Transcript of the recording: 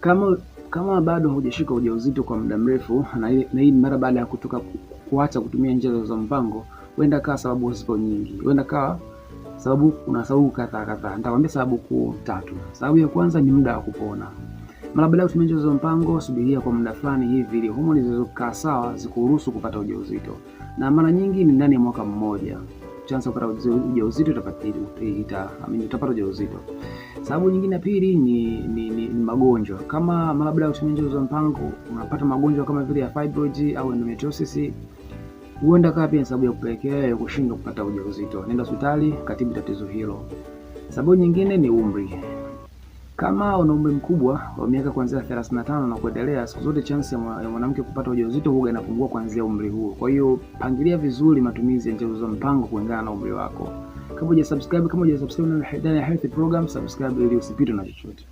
Kama kama bado hujashika ujauzito kwa muda mrefu, na hii ni mara baada ya kutoka kuacha kutumia njia za mpango, huenda kawa sababu zipo nyingi, huenda kawa sababu kuna sababu kadhaa kadhaa. Nitakwambia sababu kuu tatu. Sababu ya kwanza ni muda wa kupona. Mara baada ya kutumia njia za mpango, subiria kwa muda fulani hivi ili homoni zilizokaa sawa zikuruhusu kupata ujauzito, na mara nyingi ni ndani ya mwaka mmoja chance ya kupata ujauzito utapata utapata ujauzito. Sababu nyingine ya pili ni, ni magonjwa kama labda utumia nyenzo za mpango unapata magonjwa kama vile ya fibroid au endometriosis, huenda kaa pia sababu ya kupelekea kushindwa kupata ujauzito. Nenda hospitali katibu tatizo hilo. Sababu nyingine ni umri. Kama una umri mkubwa wa miaka kuanzia 35 na kuendelea, siku zote chance ya mwanamke kupata ujauzito huwa inapungua kuanzia umri huo. Kwa hiyo pangilia vizuri matumizi ya nyenzo za mpango kulingana na umri wako. Kama hujasubscribe, kama hujasubscribe na Health Program, subscribe ili usipitwe na chochote.